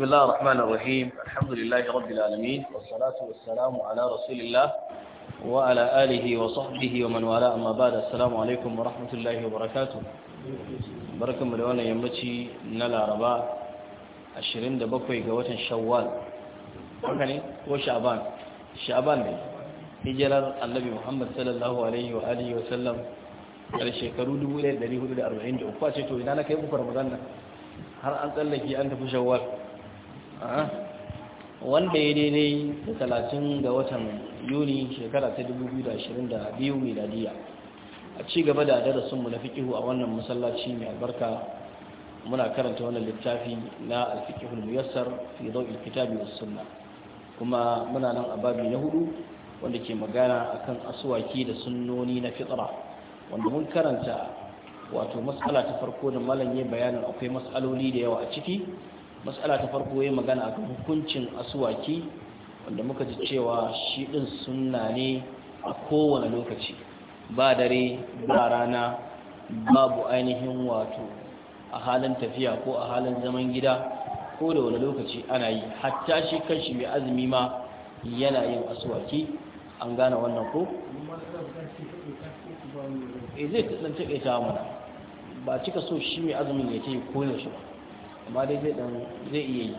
بسم الله الرحمن الرحيم الحمد لله رب العالمين والصلاة والسلام على رسول الله وعلى آله وصحبه ومن والاه أما بعد السلام عليكم ورحمة الله وبركاته بركة مليونة يمتي نلا ربا عشرين دبقوي قوة شوال وكاني وشعبان شعبان بي hijirar annabi muhammad sallallahu alaihi wa alihi wa sallam da shekaru 1443 a ce to ina na kai uku ramadan nan har an tsallake an tafi shawwal wanda ya daidai da talatin ga watan yuni shekara ta 2022 miladiya a ci gaba da darasinmu na fikihu a wannan masallaci mai albarka muna karanta wannan littafi na alfikihul muyassar fi dau'il kitabi was sunna kuma muna nan a babi na hudu wanda ke magana akan asuwaki da sunnoni na fitra wanda mun karanta wato matsala ta farko da malam ya bayanin akwai matsaloli da yawa a ciki matsala ta farko ya magana a hukuncin asuwaki wanda muka ji cewa shi ɗin suna ne a kowane lokaci ba dare ba rana babu ainihin wato a halin tafiya ko a halin zaman gida ko da wani lokaci ana yi hatta shi kanshi mai azumi ma yana yin asuwaki an gane wannan ko? e zai kasance ƙaita mana ba cika so shi mai azumin ya ce koyaushe ba amma dai zai dan zai iya yi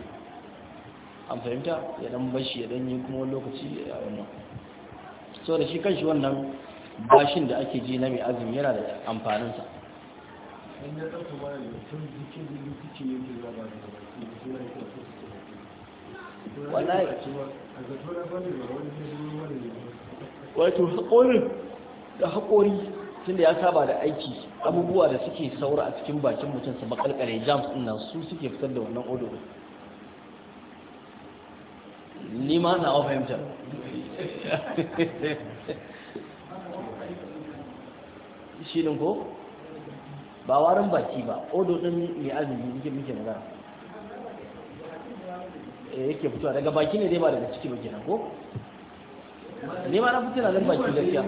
an fahimta ya dan bashi ya dan yi kuma wani lokaci a wannan so da shi kanshi wannan bashin da ake ji na mai azumi yana da amfaninsa wato haƙorin da haƙori tun da ya saba da aiki abubuwa da suke saura a cikin bakin mutum su makalkare jams din nan su suke fitar da wannan odo ni ma na fahimta shi ne ko ba warin baki ba odo din ne azumi yake muke magana eh yake fitowa daga baki ne dai ba daga ciki ba kenan ko ne ma na fi tunanin baki lafiya.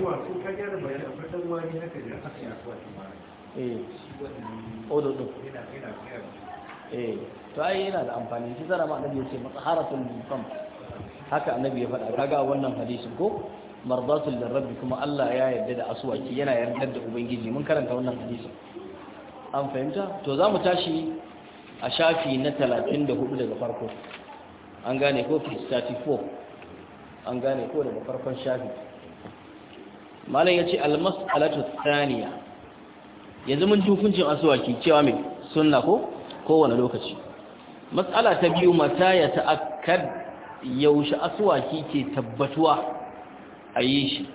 eh eh to ai yana da amfani shi zara ma annabi yace matsaharatul fam haka annabi ya faɗa kaga wannan hadisi ko mardatul lirabbi kuma Allah ya yarda da aswaki yana yarda da ubangiji mun karanta wannan hadisi an fahimta to za mu tashi a shafi na 34 daga farko an gane ko 34 an gane ko daga farkon shafi malam ya ce almas'alatu thaniya yanzu mun hukuncin asuwaki cewa mai sunna ko kowane lokaci mas'ala ta biyu mata ya ta'akkad yaushe asuwaki ke tabbatuwa a yi shi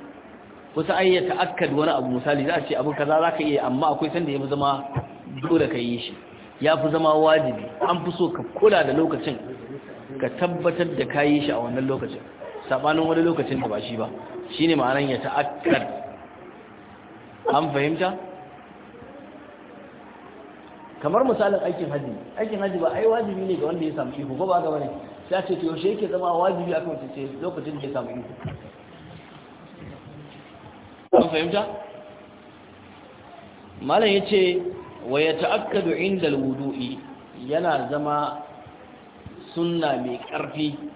kusa ai ya ta'akkad wani abu misali za a ce abu kaza za ka iya amma akwai sanda ya fi zama dole ka yi shi ya fi zama wajibi an fi so ka kula da lokacin ka tabbatar da ka yi shi a wannan lokacin sabanin wani lokacin da ba shi ba shi ne ma'anar ya ta'akkad an fahimta kamar misalin aikin haji aikin haji ba ai wajibi ne ga wanda ya samu ihu, ba ba ga wani sai a ce to yaushe yake zama wajibi akan wacce ce lokacin da ya samu ihu. an fahimta malam ce, wa yata'akkadu inda al-wudu'i yana zama sunna mai ƙarfi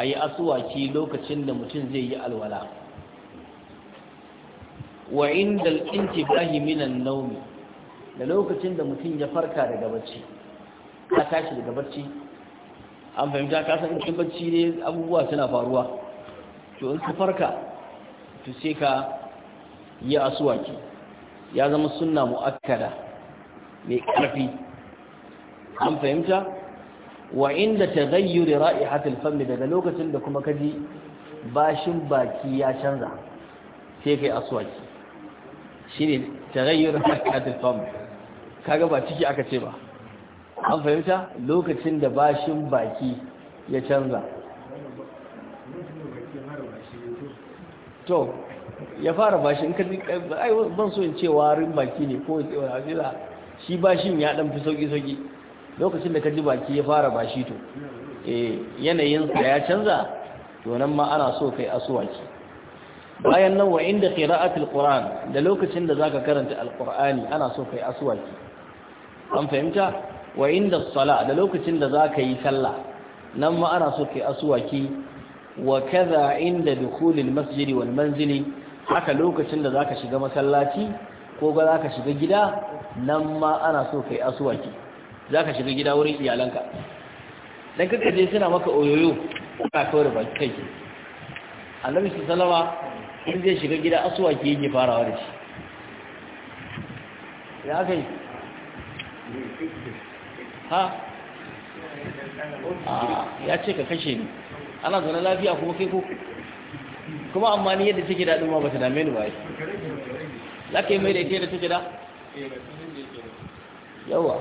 a yi asuwaki lokacin da mutum zai yi alwala wa inda intibahi minan naumi da lokacin da mutum ya farka daga bacci ka tashi daga bacci an fahimta ka san cikin bacci ne abubuwa suna faruwa to in ka farka to sai ka yi asuwaki ya zama suna mu'akkada mai ƙarfi an fahimta wa inda taghayyuri ra'ihatil fammi daga lokacin da kuma kaji bashin baki ya canza sai kai aswaki shine taghayyur ra'ihatil fammi kaga ba ciki aka ce ba an fahimta lokacin da bashin baki ya canza to ya fara bashi in kaji ai ban so in ce warin baki ne ko shi bashin ya dan fi sauki sauki lokacin da ka ji baki ya fara bashi to eh, yanayinsa ya canza to nan ma ana so kai asuwaki bayan nan wa inda qira'atul qur'an da lokacin da zaka karanta alqur'ani ana so kai asuwaki. an fahimta wa inda sala da lokacin da zaka yi sallah nan ma ana so kai asuwaki. wa kaza inda dukhulil masjidi wal manzili haka lokacin da zaka shiga masallaci ko ga zaka shiga gida nan ma ana so kai asuwaki. za ka shiga gida wurin iyalanka dan kanka je suna maka oyoyo ka kawar da baki kai annabi sallama in zai shiga gida asuwa ke yi farawa da shi ya kai ha ya ce ka kashe ni ana zana lafiya kuma kai ko kuma amma ni yadda take daɗin ma ba ta dame ni ba yi za ka yi mai da ita yadda take da yawa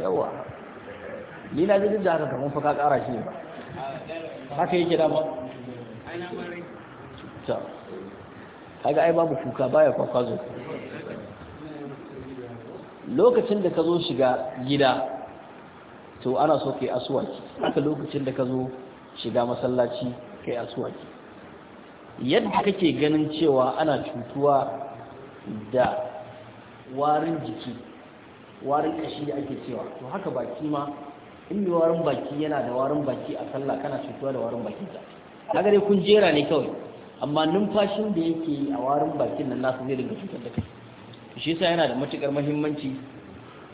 yawa ni na ji duk da haka kamar fa ka kara shi ne ba haka yake dama ta kaga ai babu kuka baya kwakwa kwakwazo lokacin da ka zo shiga gida to ana so kai asuwaki haka lokacin da ka zo shiga masallaci kai asuwaki yadda kake ganin cewa ana cutuwa da warin jiki warin kashi da ake cewa to haka baki ma in mai warin baki yana da warin baki a sallah kana cutuwa da warin baki ta kaga dai kun jera ne kawai amma numfashin da yake yi a warin bakin nan nasu zai dinga cutar da kai shi yasa yana da matukar muhimmanci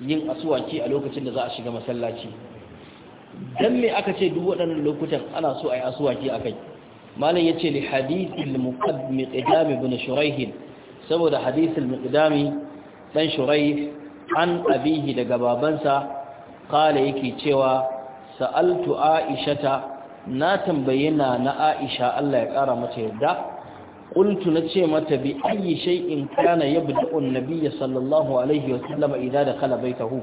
yin asuwaci a lokacin da za a shiga masallaci dan me aka ce duk waɗannan lokutan ana so a yi asuwaci a kai malam yace li hadithil muqaddam qidam ibn shuraih saboda hadithil muqaddam dan shuraih an abihi daga babansa kala yake cewa sa'altu aishata na tambaye na aisha Allah ya kara mata yadda qultu nace mata bi shai shay'in kana yabda'u an-nabiy sallallahu alaihi wa sallam idza dakhala baytahu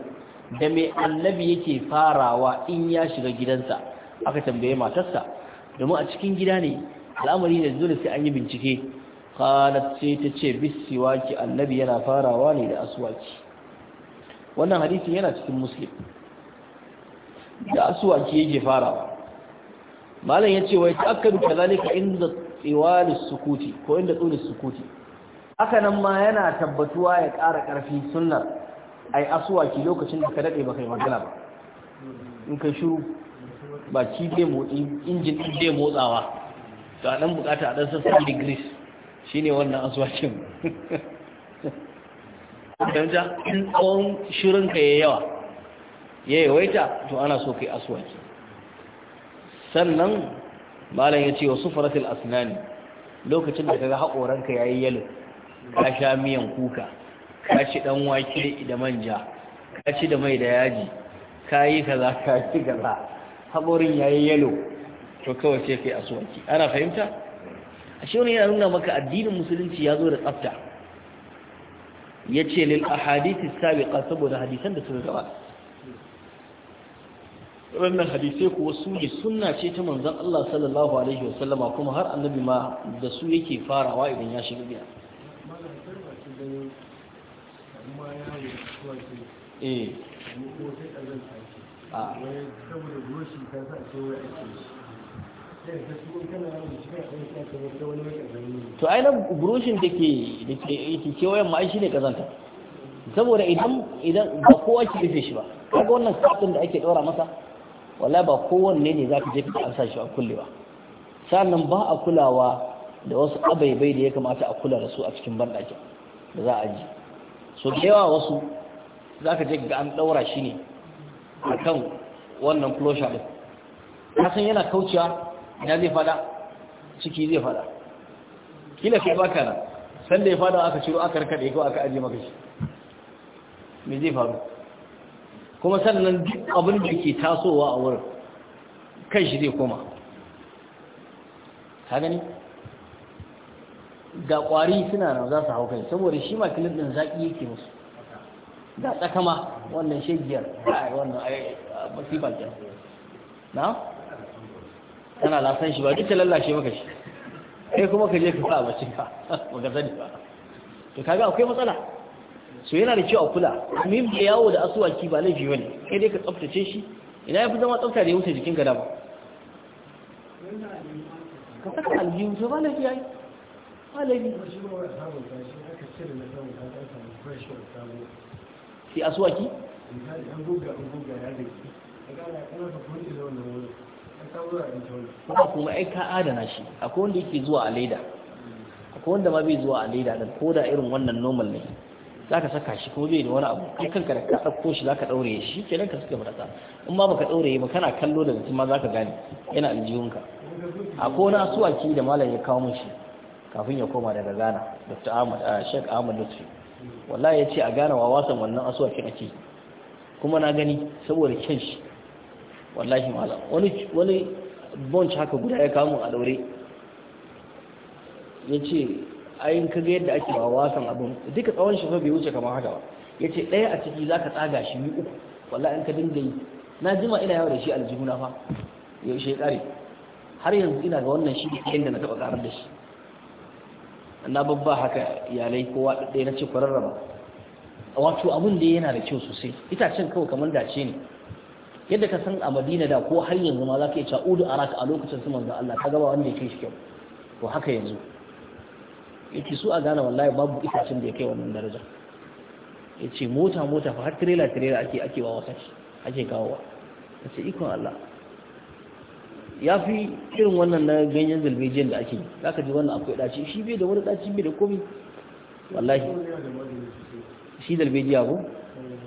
da me annabi yake farawa in ya shiga gidansa aka tambaye matarsa domin a cikin gida ne al'amari ne dole sai an yi bincike qalat sai tace bisiwaki annabi yana farawa ne da aswaki wannan hadisin yana cikin muslim da asuwaki yake farawa malam yace wai takkadu kazalika inda tsiwal sukuti ko inda tsuni sukuti haka nan ma yana tabbatuwa ya ƙara ƙarfi sunnar ai asuwaki lokacin da ka dade baka yi magana ba in ka shiru ba ki dai motsi injin din dai motsawa to a dan bukata a dan sassan degrees shine wannan asuwakin danja in tsawon shirinka ya yawa ya yawaita to ana so kai aswaki sannan malam ya ce wasu sufaratul asinani lokacin da kaga haƙoranka ya yi yalo ka sha miyan kuka ka ci dan wake da manja ka ci da mai da yaji ka yi kaza ka ci gaza haƙorin yi yalo to kawai sai kai aswaki ana fahimta ashe wani yana nuna maka addinin musulunci ya zo da tsafta ya ce lil ahadisi sabiqa saboda hadisan da suka gaba wannan hadisai kuwa wasu ne sunna ce ta manzon Allah sallallahu alaihi wasallama kuma har annabi ma da su yake farawa idan ya shiga gida eh a ah. saboda goshi ta sa ce wai ake to ai nan burushin da ke da ke kewayen ma shi ne kazanta saboda idan idan ba kowa ke rufe shi ba kaga wannan kafin da ake ɗora masa wallahi ba kowanne ne za ka je ka amsa shi a kulle ba? sannan ba a kulawa da wasu abaibai da ya kamata a kula da su a cikin banɗakin da za a ji so da yawa wasu ka je ga an ɗaura shi ne a kan wannan kloshar din kasan yana kaucewa ina zai fada ciki zai fada kila kai baka nan sanda ya fada aka ciro aka rikade ko aka aje maka shi me zai faru kuma sannan duk abin da ke tasowa a wurin kan shi zai koma ka gani ga kwari suna nan za su hau kai saboda shi ma kilin din zaki yake musu ga tsakama wannan shegiyar ai wannan ai masifa kenan na kana lasan shi ba duka lallashe maka shi kai kuma ka je ka sa bacci ka baka sani ba to kaga akwai matsala so yana da kyau a kula muhim da yawo da asuwaki ba laifi bane kai dai ka tsaftace shi ina ya fi zama tsafta da ya wuce jikin ka dama ka saka aljihu to ba laifi yi. ba laifi sai asuwaki an goga an goga ya da kuma kuma ai ka adana shi akwai wanda yake zuwa a leda akwai wanda ma bai zuwa a leda da ko da irin wannan normal ne za ka saka shi kuma bai da wani abu kai kanka da ka ɗauko shi za ka ɗaure shi kenan ka suka fata in ma baka ɗaure ba kana kallo da mutum ma za ka gane yana aljihunka akwai wani asuwaki da malam ya kawo mun shi kafin ya koma daga ghana dr ahmad a ah, sheik ahmad lutfi wallahi ya ce a ghana wa wasan wannan ki ake kuma na gani saboda kyan shi wallahi mala wani wani bunch haka guda ya kamun a daure ya ce ayin kaga yadda ake ba wasan abin duka tsawon shi bai wuce kamar haka ba ya ce ɗaya a ciki za ka tsaga shi ni uku wallahi in ka dinga yi na jima ina yawo da shi aljihuna fa yaushe ya ƙare har yanzu ina ga wannan shi da na taɓa ƙarar da shi na babba haka iyalai kowa ɗaya na ce kwararraba wato abin da yana da kyau sosai itacen kawai kamar dace ne yadda ka san a madina da ko har yanzu ma za ka iya cewa udu raka a lokacin su manzan Allah ka gaba wanda ya kai shi kyau to haka yanzu yake su a gane wallahi babu itacen da ya kai wannan daraja ya ce mota mota fa har tirela tirela ake ake wa wasa shi ake kawowa ta ce ikon Allah ya fi irin wannan na ganyen zalbejiyar da ake za ka ji wannan akwai ɗaci shi bai da wani ɗaci bai da komi wallahi shi zalbejiya ko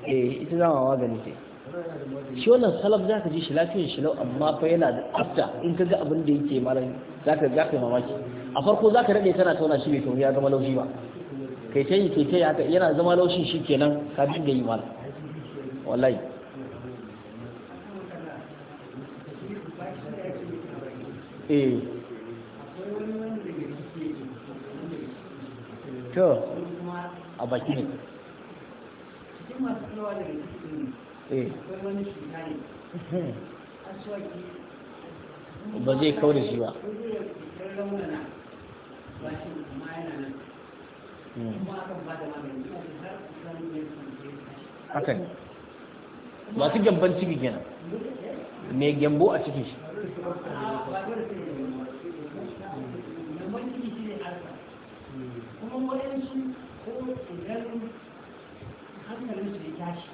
eh ita zama magani ce shi wannan salaf za ka ji shi lafiyar shi lau amma fa yana da tsafta in ka ga abin da yake malam za ka ga kai mamaki a farko za ka rade kana tauna shi bai tauni ya zama laushi ba kai ta yi kai ta yi haka yana zama laushin shi kenan ka dinga yi malam wallahi eh to a baki ne cikin masu Eh. ba zai kawar shi ba hmm. haka ne masu gyamban ciki kenan mai gyambo a cikin shi hmm. Hmm. kuma ko idan su ya tashi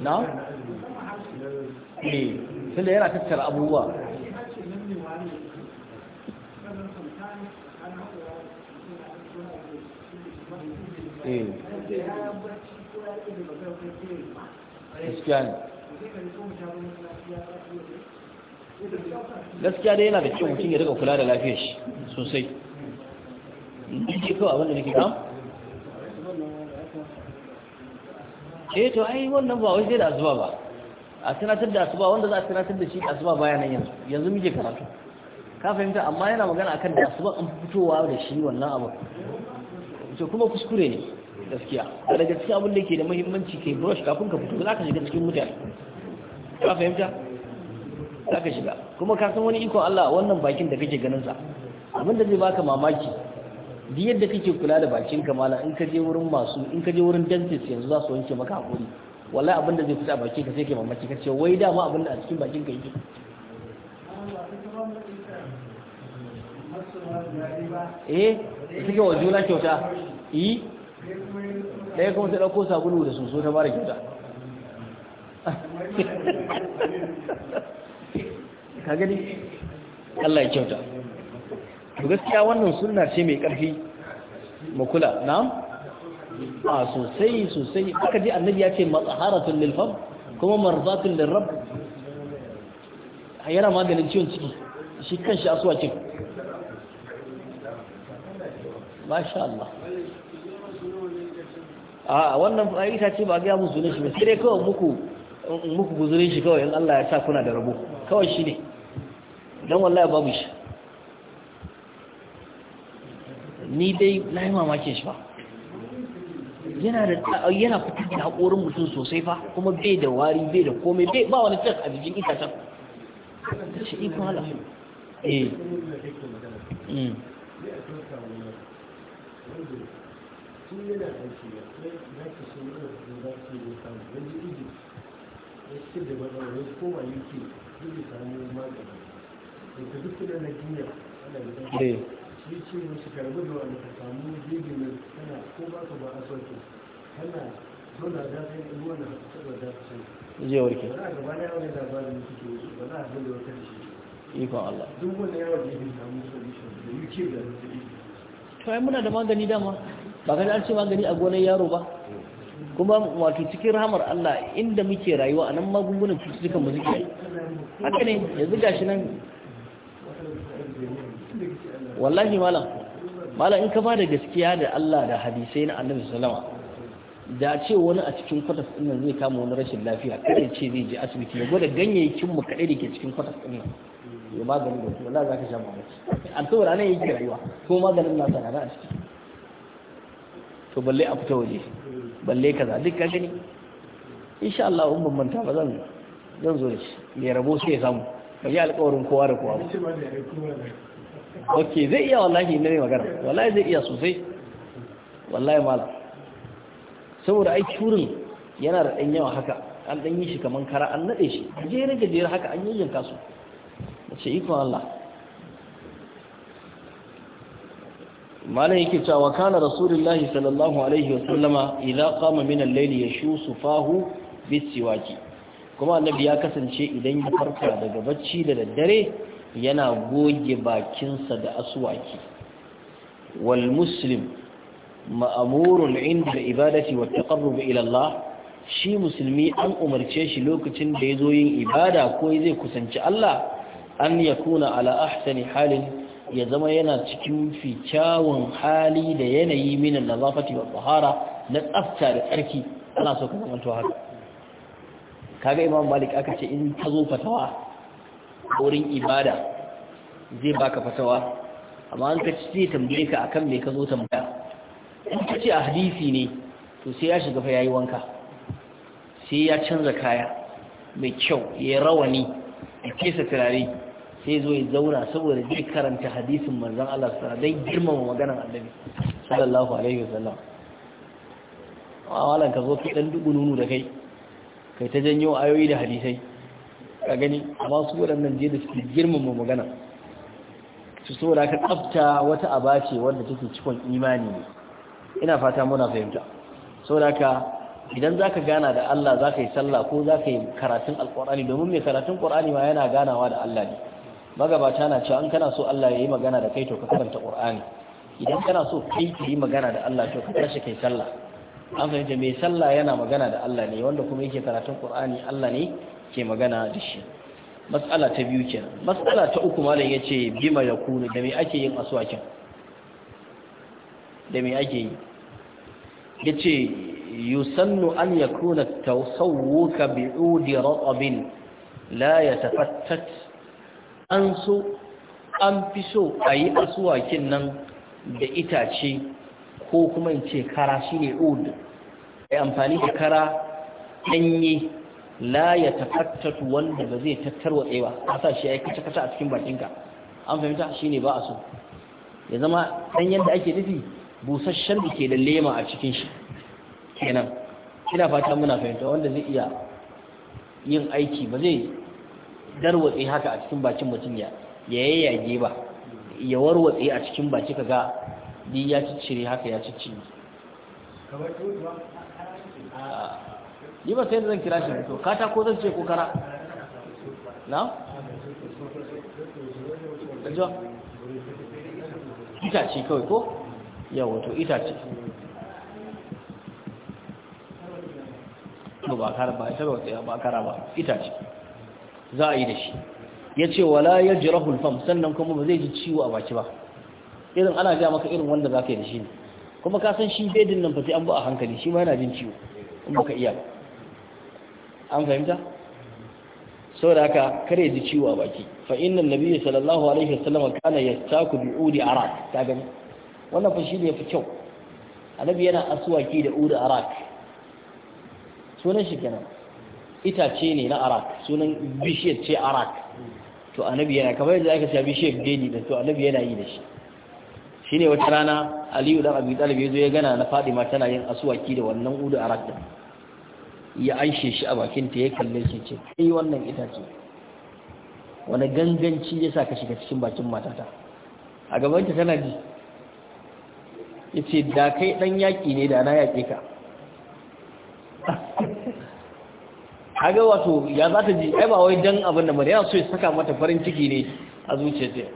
na? ne eh, tunda yana tattara abubuwa eh. gaskiya dai yana da kyau mutum ya daga kula da lafiyar shi sosai. abin da abinda ke kama? ce eh to ai wannan ba wai sai da azuba ba a tunatar da azuba wanda za a tunatar da shi baya nan yanzu yanzu muke karatu ka fahimta amma yana magana akan da azuba an fitowa da shi wannan abu to kuma kuskure ne gaskiya da daga cikin abin da ke da muhimmanci kai brush kafin ka fito za ka shiga cikin mutane ka fahimta za ka shiga kuma ka san wani iko Allah wannan bakin da kake ganin sa abinda zai baka mamaki duk yadda kake kula da bakin ka in ka je wurin masu in ka je wurin dentist yanzu za su wanke maka hakuri wallahi abin da zai fita a bakin ka sai ke mamaki ka ce wai dama abin da a cikin bakin ka yake eh suke wa na kyauta yi eh. ɗaya kuma sai ɗauko sabulu da soso ta bada kyauta ka gani Allah ya kyauta to gaskiya wannan sunna ce mai ƙarfi makula na'am a sosai sosai aka ji annabi ya ce matsaharatun lil fam kuma marzatun lil rabb yana maganin ciwon ciki shi kanshi asuwacin masha Allah a wannan ita ce ba ga musu ne shi ba sai dai kawai muku muku guzurin shi kawai in Allah ya sa kuna da rabo kawai shi ne dan wallahi babu shi ni dai na yi mamakin shi ba yana da yana fitar da haƙorin mutum sosai fa kuma bai da wari bai da komai bai ba wani cin a jikin itacen shi ikon hala eh, hmm. eh. ya ce karbi da wani ka samu jirgin tana ko ba ka ba a tana da ta yi da ta je warke ba ba da mutu ke ba za a da wata shi ikon Allah duk samu solution da da to ai muna da magani dama ba an ce magani a gonar yaro ba kuma wato cikin rahamar Allah inda muke rayuwa a nan magungunan cututtukan mu suke haka ne yanzu gashi nan wallahi malam malam in ka ba da gaskiya da Allah da hadisai na annabi sallama da ce wani a cikin kwatas ɗin zai kama wani rashin lafiya kada ce zai je asibiti ya gwada ganyayyakin mu kaɗai da ke cikin kwatas ɗin ya magani da Allah za ka sha mamaki to anan yake rayuwa ko maganin na sana a ciki to balle a fita waje balle kaza duk ka gani insha Allah in ban manta ba zan zan zo da shi ya rabo sai ya samu ba ji alƙawarin kowa da kowa ba ok zai iya wallahi ne ne magana wallahi zai iya sosai wallahi mala saboda ai curin yana da ɗan yawa haka an ɗan yi shi kamar kara an naɗe shi gajere gajere haka an yayyanka su da ce ikon Allah mala yake cewa wa kana rasulullahi sallallahu alaihi wa sallama idza qama min al-layli yashusu fahu bisiwaki kuma annabi ya kasance idan ya farka daga bacci da daddare yana goge bakinsa da aswaki wal muslim ma'amurun inda ibadati wa taqarrub ila Allah shi musulmi an umarce shi lokacin da yazo yin ibada ko zai kusanci Allah an yakuna ala ahsani halin ya zama yana cikin fikyawun hali da yanayi min nazafati wa tahara na tsafta da tsarki ana so ka zama to haka kaga imam malik aka ce in tazo zo fatawa wurin ibada zai baka fatawa amma an ka ce tambaye ka akan me ka zo tambaya in ka ce a hadisi ne to sai ya shiga fa yayi wanka sai ya canza kaya mai kyau ya rawani ya kesa turare sai zo ya zauna saboda zai karanta hadisin manzon Allah sallallahu alaihi dai girmama maganar annabi sallallahu alaihi wasallam a walan ka zo ki dan dubu nunu da kai kai ta janyo ayoyi da hadisai ka gani amma su waɗannan je da suke mu magana su da ka tsafta wata aba ce wanda take cikon imani ne ina fata muna fahimta da ka idan zaka gana da Allah zaka yi sallah ko zaka yi karatun alqur'ani domin mai karatun qur'ani ma yana ganawa da Allah ne magabata na cewa an kana so Allah ya yi magana da kai to ka karanta qur'ani idan kana so kai ka yi magana da Allah to ka tashi kai sallah an fahimta mai sallah yana magana da Allah ne wanda kuma yake karatun Qur'ani Allah ne ke magana da shi matsala ta biyu kenan matsala ta uku malam yace bima kuna, da me ake yin aswakin da me ake yi Ya ce, yi sannu an ya kuna yakuna tawsawuka bi'udi ratabin la ya tafattat? an so an fi so a yi aswakin nan da itace ko kuma in ce kara shi ne ud ai amfani da kara danye la ya tafattatu wanda ba zai tattarwa tsewa a sa shi ya kace kace a cikin bakinka an fahimta ne ba a so ya zama dan yanda ake nufi busasshen da ke da lema a cikin shi kenan ina fata muna fahimta wanda zai iya yin aiki ba zai darwatse haka a cikin bakin mutum ya yayyage ba ya warwatse a cikin baki ka ga ya ciccire haka ya ciccire ni ba sai zan kira shi to kata ko zan ce ko kara na ajo itace kawai ko ita to itace ba kara ba ita ba tsaya ba kara ba itace za a yi da shi ya ce wala ya jirahu alfam sannan kuma ba zai ji ciwo a baki ba irin ana ja maka irin wanda za ka yi da shi ne kuma ka san shi bedin nan fati an bu a hankali shi ma yana jin ciwo in baka iya ba an fahimta Sau da haka kare ji ciwo a baki fa inna nabiyyi sallallahu alaihi wasallam kana yastaku bi udi arak ta gani wannan fa shine yafi kyau annabi yana aswaki da udi arak sunan shi kenan itace ne na arak sunan bishiyar ce arak to annabi yana kamar yadda aka ce bishiyar gani da to annabi yana yi da shi shine wata rana aliyu dan abi talib yazo ya gana na fadima tana yin aswaki da wannan udi arak din ya aishe shi a bakinta ya kalle shi ce kai wannan itace wani ganganci ya sa ka shiga cikin bakin matata a gabanta tana ji ya ce da kai ɗan yaƙi ne da na yaƙe ka haga wato ya za ta ji ai ba wai don abin da mara yana so ya saka mata farin ciki ne a zuciyarta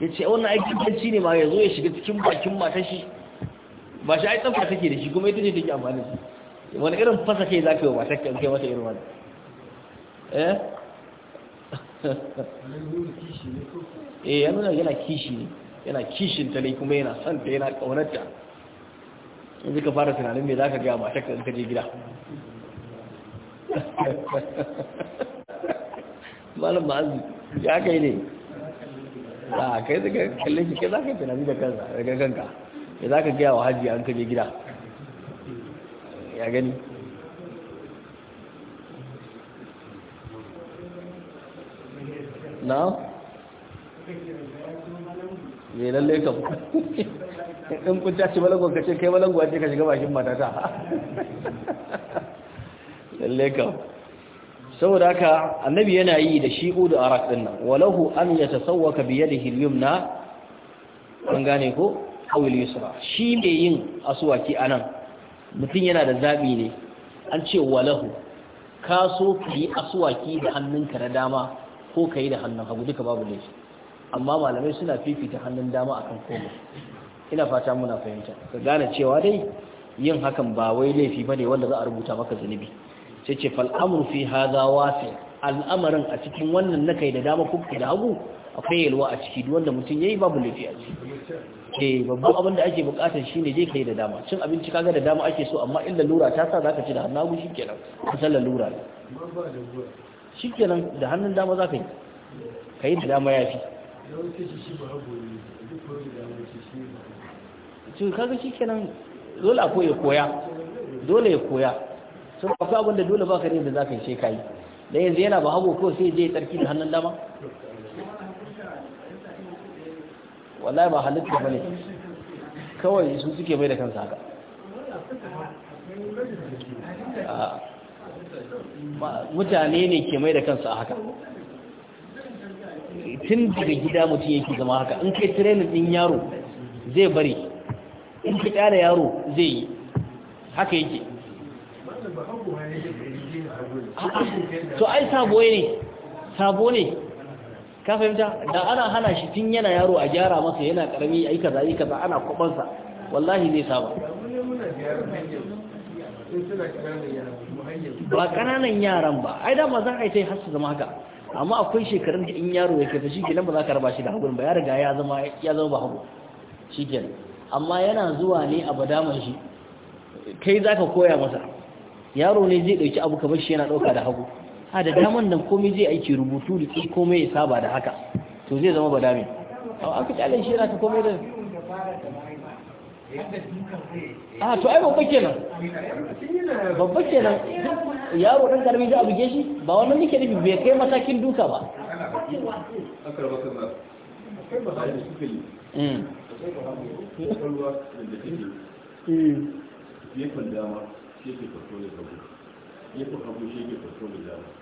ya ce wani aikin kanci ne ma ya zo ya shiga cikin bakin matashi ba shi ai tsamfa take da shi kuma ita ce take amfani da shi wani irin fasa kai za ka yi wa kai mata irin wani eh? eh ya nuna yana kishi ne yana kishin ta ne kuma yana son ta yana kaunarta yanzu ka fara tunanin me za ka gaya matar ka je gida malam ma'azi ya kai ne a ah, kai zaka kalle shi kai za ka tunanin da kanka ya za ka gaya wa hajji an kaje gida ya gani na ya lalle kam in kun tashi malangon ka ce kai malangon ce ka shiga bakin matata lalle ka saboda ka annabi yana yi da shi udu a din nan walahu an yatasawwaka bi da al na ɗan gane ko aw yusra shi mai yin asuwaki a nan mutum yana da zaɓi ne an ce walahu ka so ka yi asuwaki da hannunka na dama ko ka yi da hannun hagu duka babu laifi amma malamai suna fifita hannun dama akan koma ina fata muna fahimta ka gane cewa dai yin hakan ba wai laifi ba ne wanda za a rubuta maka zunubi sai ce fal'amur fi haza wasi al'amarin a cikin wannan na kai da dama ko da hagu akwai yalwa a ciki duk wanda mutum yayi babu lafiya ce. ciki eh babban abin da ake bukatar shine je kai da dama cin abinci kaga da dama ake so amma inda lura ta sa zaka ci da hannu hagu shikenan kusan lura ne kenan da hannun dama zaka yi kai da dama yafi cin kaga kenan dole akwai ya koya dole ya koya sun kafa abin da dole baka ne da zaka yi sai kai da yanzu yana ba hagu ko sai je tsarki da hannun dama wallahi ba halitta bane kawai su suke mai da kansa haka mutane ne ke mai da kansa a haka tun daga gida mutum yake zama haka in kai training din yaro zai bari in ka kyara yaro zai yi haka yake to ai sabo ne sabo ne ka fahimta da ana hana shi tun yana yaro a gyara masa yana karami yi kaza ai kaza ana kwabansa wallahi zai saba ba kananan yaran ba ai da ba zan aita har su zama haka amma akwai shekarun da in yaro yake fa nan ba za ka raba shi da hagun ba ya riga ya zama ya zama ba hagu shikenan amma yana zuwa ne a badaman shi kai za ka koya masa yaro ne zai ɗauki abu kamar shi yana ɗauka da hagu a da daman nan komai zai aiki rubutu da tsi komai ya saba da haka to zai zama badami amma aka kyale shi yana ta komai da a to ai babba kenan babba kenan yaro dan karami za a buge shi ba wannan nake nufi bai kai matakin duka ba hmm. Hmm. gefen dama shi ke farko da hagu gefen hagu shi ke farko da dama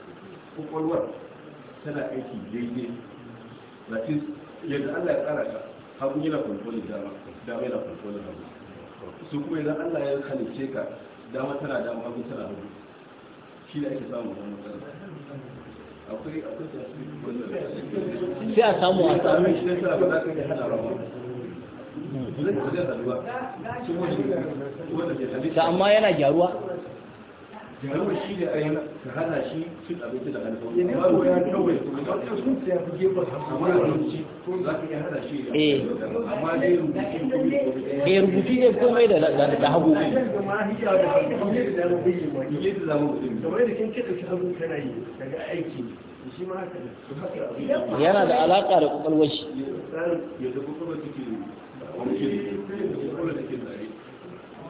kwakwalwar tana aiki daidai cin yadda allah ya tsara ta hagu yana kwalkwalin dama dama yana kwalkwalin hagu su kuma idan allah ya halice ka dama tana dama hagu tana hagu shi da ake samun wani matsala sai a samu a samu da amma yana gyaruwa jarawar shi da ayin ka hana shi cin abinci da alfawar amma ko ya kawai amma sun siya fi gefen amma abinci za ka iya hana shi da eh. amma dai eh, ne komai da da hagu yana da alaƙa da kwakwalwar shi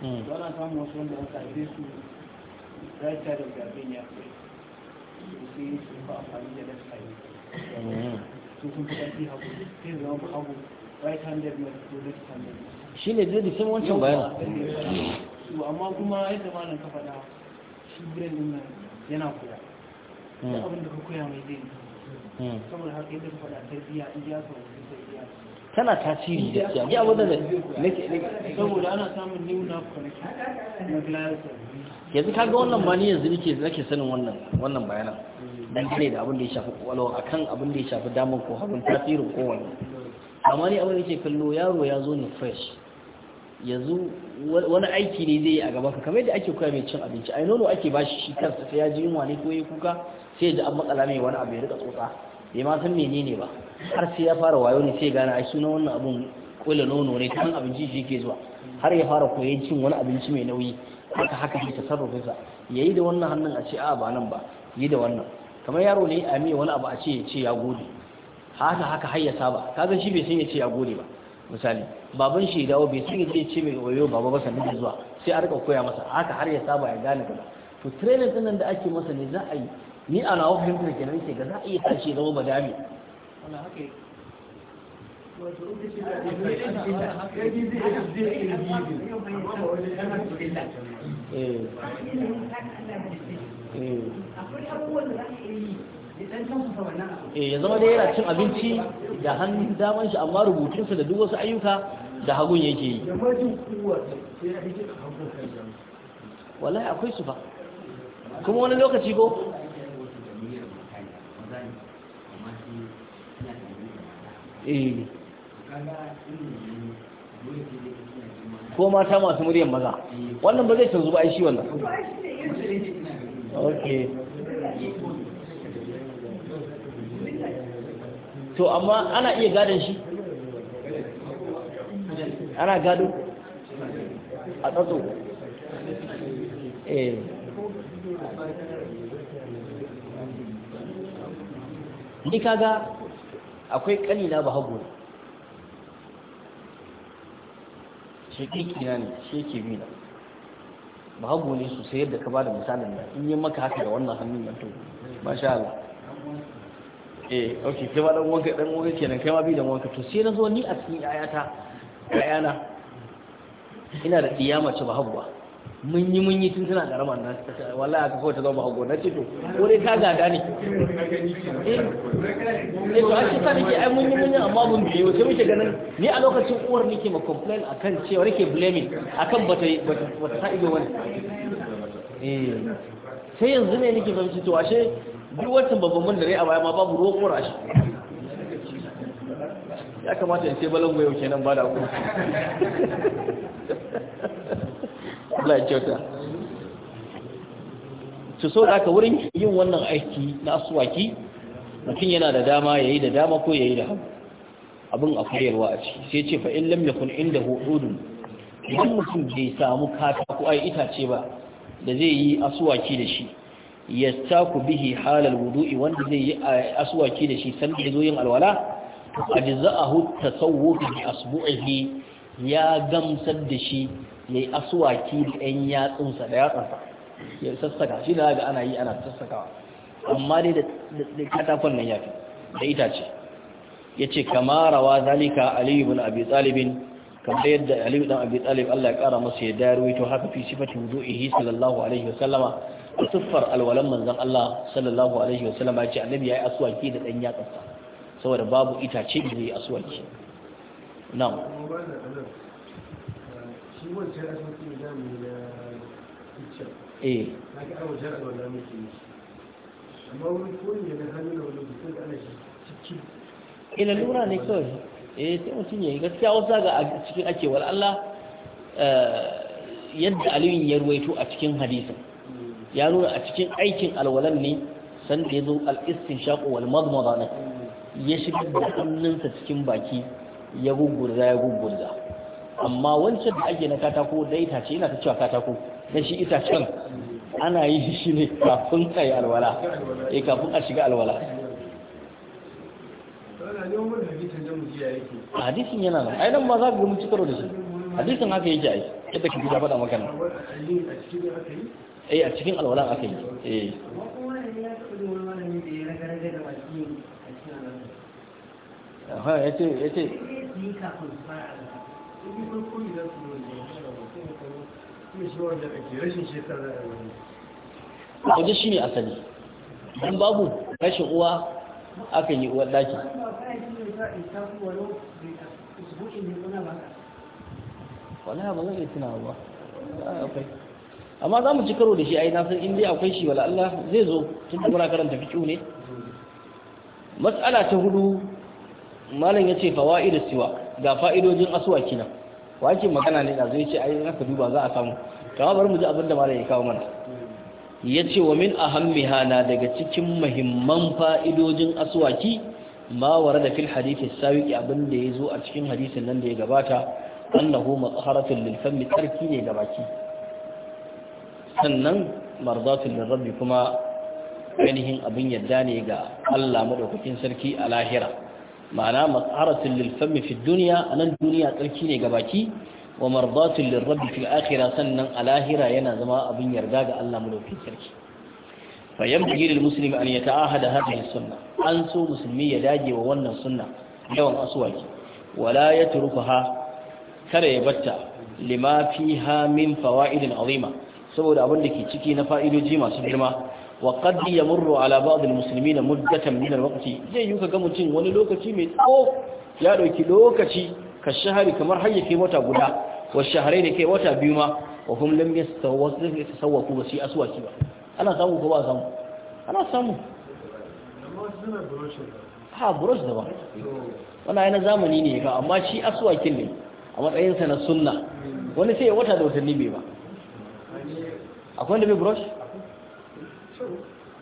ba mm. na samun wasu wanda aka haife su dace da gabin ya fi su sai su amfani da left side mm. su sun fi ƙarfi hagu sai zama ba hagu right handed ne to left handed shi ne zai da sun wancan bayanin su amma kuma yadda malam ka faɗa shi brain din yana koya mm. da abin da ka koya mai zai saboda haka yadda ka faɗa tarbiyya in ya tana tasiri da siya ya wadda da nake saboda ana samun new love connection yanzu kaga wannan ba ni yanzu nake zake sanin wannan wannan bayanan kare da abin da ya shafi a akan abin da ya shafi damar ko hagun tasirin kowanne amma ni abin da ke kallo yaro ya zo ne fresh yanzu wani aiki ne zai yi a gaba ka kamar yadda ake koya mai cin abinci ai nono ake bashi shi kansa sai ya ji yunwa ne ko ya kuka sai ya ji an matsala mai wani abu ya rika tsotsa bai ma san menene ba har sai ya fara wayo ne sai gane a suna wannan abun kula nono ne kan abinci shi ke zuwa har ya fara koyon cin wani abinci mai nauyi haka haka shi ta sarrafa ya yi da wannan hannun a ce a ba nan ba yi da wannan kamar yaro ne a miya wani abu a ce ya ce ya gode haka haka har ya saba kaga shi bai san ya ce ya gode ba misali baban shi dawo bai san ya ce ce mai wayo baba ba sanin da zuwa sai a rika koya masa haka har ya saba ya gane kaza to training din nan da ake masa ne za a yi ni a nawa fahimtar kenan ke ga za a iya tashi zama badami ya zama da yana cin abinci da hannun daman shi amma rubutunsa da duk wasu ayyuka da hagun yake yi wallahi akwai su ba kuma wani lokaci ko eh ko mata masu muryan maza wannan ba zai canzu ba shi wannan to amma ana iya gadon shi ana gado a tsatso eh ni kaga akwai kanina ba hagu ne shekikina ne sheke mina ba hagu ne su sayar da ka bada misalin nan in yi maka haka da wannan hannun nan to masha Allah eh ok kai ma dan wanka dan wanka kenan kai ma bi da wanka to sai na zo ni a cikin ayata ayana ina da kiyama ce ba hagu ba mun yi mun yi tun tana karama nan, wallahi aka kawai ta zama hago na ce to ko dai ta gada ne eh to an ce sa nake ai mun yi mun yi amma mun biye sai muke ganin ni a lokacin uwar nake ma complain akan cewa nake blaming akan bata bata sa ido wani eh sai yanzu ne nake fahimci to ashe duk watan babban mun da rai a baya ma babu ruwa kora shi ya kamata in ce balangu yau kenan ba da ku Allah su so da wurin yin wannan aiki na asuwaki mutum yana da dama yayi da dama ko yayi da hannu. abin a koyarwa a ciki sai ce fa in lam yakun inda hudun idan mutum bai samu ko ai itace ba da zai yi asuwaki da shi ku bihi halal wudu'i wanda zai yi eh, asuwaki da shi san da zo yin alwala ta tasawwuf bi asbu'ihi ya gamsar da shi ya yi asuwaki da ɗan yatsunsa da yatsunsa ya sassaka shi da ga ana yi ana sassakawa amma dai da katakon nan yafi da ita ce. ya ce kama rawa zalika aliyu bin abi tsalibin kamar yadda aliyu dan abi tsalib Allah ya kara masa ya dayar wito haka fi sifati wudu'ihi sallallahu alaihi wasallama a siffar alwalan manzan Allah sallallahu alaihi wasallama ya ce annabi ya yi asuwaki da ɗan yatsunsa saboda babu itace da zai yi asuwaki na'am shi wancan asibiti da mu na kicin eh na ga wajen alwala muke yi amma wani koyi na hannu da wani bikin ana shi cikin ila eh, lura ne kawai eh sai mutum yayi gaskiya wasa ga cikin ake wal Allah eh, yadda aliyun ya ruwaito a cikin hadisin hmm. ya nuna a cikin aikin alwalan ne san da ya zo al'istin shaƙo wal mazmada hmm. ya shiga da hannunsa cikin baki ya gugurza ya gugurza amma wancan da ake na katako da itace yana ta cewa katako na shi itacen ana yi shi ne kafin kai alwala eh kafin a shiga alwala hadisin yana nan ai nan ba za ka ga mun karo da shi hadisin haka yake ai yadda kike ta faɗa maka nan eh a cikin alwala aka yi eh ha ya ce. waje shi ne asali don babu rashin uwa aka yi uwar daki wani ya bazan iya tunawa ba akwai amma za mu ci karo da shi a yi nasar inda akwai shi wala Allah zai zo tun da muna karanta fi ne matsala ta hudu malin ya ce fawa'i da siwa ga fa'idojin asuwaki nan ake magana ne da zai ce ai naka duba za a samu kama bari mu ji abin da malam ya kawo mana Ya ce wa min ahammiha na daga cikin mahimman fa'idojin aswaki ma da fil hadisi sawiki abin da ya zo a cikin hadisin nan da ya gabata annahu matsaharatun lil fami tsarki ne ga baki sannan mardatun lil rabbi kuma ainihin abin yadda ne ga Allah madaukakin sarki a lahira ma'ana matsaratun lilfammi fi duniya a nan duniya tsarki ne ga baki wa mardatun lirrabbi fil akira sannan a lahira yana zama abin yarda ga Allah mulkin sarki fa yambagi lil muslimi an yata'ahada hadhihi sunna an so musulmi ya dage wa wannan sunna yawan aswaki wala yatrukuha kada ya batta lima fiha min fawaidin azima saboda abin da ke ciki na fa'idoji masu girma wa qad yamurru ala ba'd almuslimin muddatan min alwaqti zai yi kaga mutum wani lokaci mai tsawo ya dauki lokaci ka shahari kamar har yake wata guda wa da ke wata biyu ma wa hum lam yastawwasu ba sai aswaki ba ana samu ko ba samu ana samu ha burush da ba wannan yana zamani ne ga amma shi aswakin ne a matsayinsa na sunna wani sai ya wata da watanni bai ba akwai wanda bai brush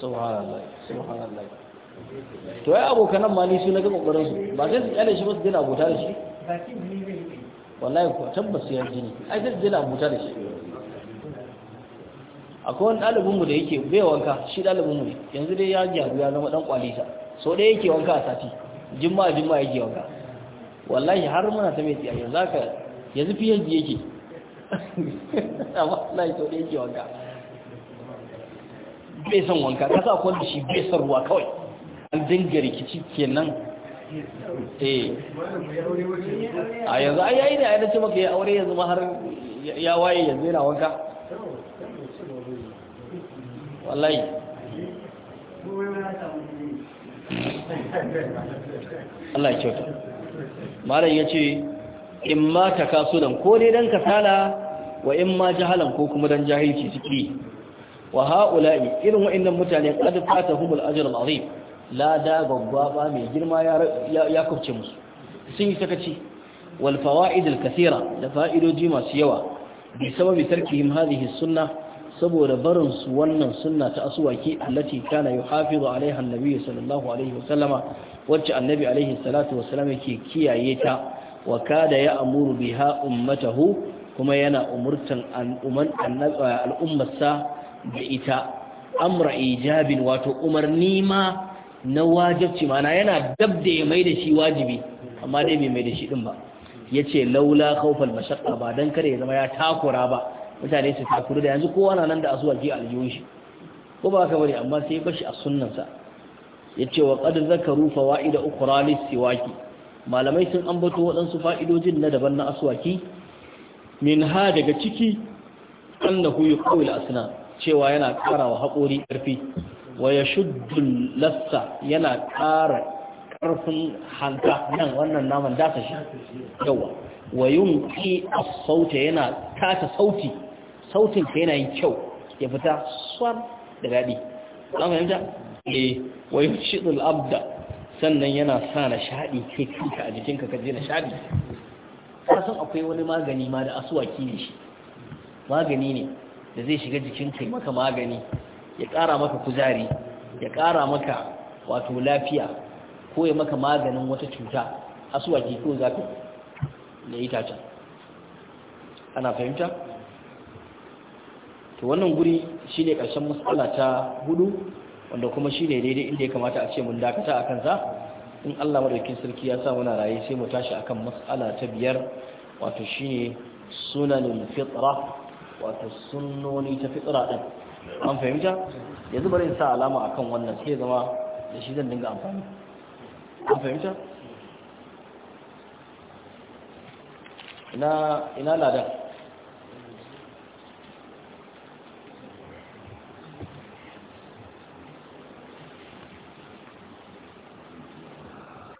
to ai abokanan mali su na ga su ba sai su kyale shi ba su dina abota da shi wallahi ko tabbas ya ji ne ai sai su dina abota da shi akwai wani ɗalibin mu da yake bai wanka shi ɗalibin mu ne yanzu dai ya gyaru ya zama dan kwalisa so dai yake wanka a sati jimma jimma yake wanka wallahi har muna ta mai tsiya yanzu ka yanzu fiye yake amma wallahi so dai yake wanka bai son wanka ka sa kwallo shi bai son ruwa kawai an dinga rikici kenan eh a yanzu ai yayi ne ai ce maka ya aure yanzu ma har ya waye yanzu yana wanka wallahi Allah ya kyauta malam ce in ma dan ko ne dan kasala wa in ma jahalan ko kuma dan jahilci ciki wa ha'ula'i irin wa'annan mutane qad fatahumul ajr al-azim lada babba ba mai girma ya ya musu sun yi sakaci wal fawaid al da fa'idoji masu yawa bi sababi tarkihim hadhihi suna saboda barin su wannan sunna ta aswaki allati kana yuhafizu alaiha annabi sallallahu alaihi wasallama wacce annabi alaihi salatu wasallam yake kiyaye ta wa kada ya amuru biha ummatahu kuma yana umurtan al'umman al'ummarsa da ita amra ijabin wato umarni ma na wajabci, mana yana dab da ya mai da shi wajibi amma dai bai mai da shi din ba yace laula khawfal mashaqqa ba dan kada ya zama ya takura ba mutane su takuru da yanzu kowa na nan da asuwa ji aljihun shi ko ba ka bari amma sai bashi a sunnan sa yace wa qad zakaru fawaid ukhra lis-siwaki malamai sun ambato waɗansu fa'idojin na daban na aswaki min ha daga ciki annahu yuqawil asna cewa yana kara wa haƙori ƙarfi wa ya shuddun lassa yana ƙara ƙarfin hanka nan wannan naman dasa shi yawa wa yun ƙi a sauta yana tata sauti sautin ka yana yin kyau ya fita swar da daɗi za mu e wa yun shidul abda sannan yana sa na shaɗi ke kanka a jikinka ka je na shaɗi kasan akwai wani magani ma da asuwaki ne shi magani ne da zai shiga jikinka maka magani ya ƙara maka kuzari ya ƙara maka wato lafiya ko ya maka maganin wata cuta suwa ke ko ka da ana fahimta? to wannan guri shi ne ƙarshen matsala ta hudu wanda kuma shi ne daidai inda ya kamata a ce mun dakata a kansa in allah madaukin sarki ya sa muna raye sai mu tashi akan matsala ta biyar wato shi ne sunanin fitra wato sunnoni ta fitura ɗin an fahimta yanzu bari sa alama a kan wannan sai zama da shi zan dinga amfani an fahimta ina ladan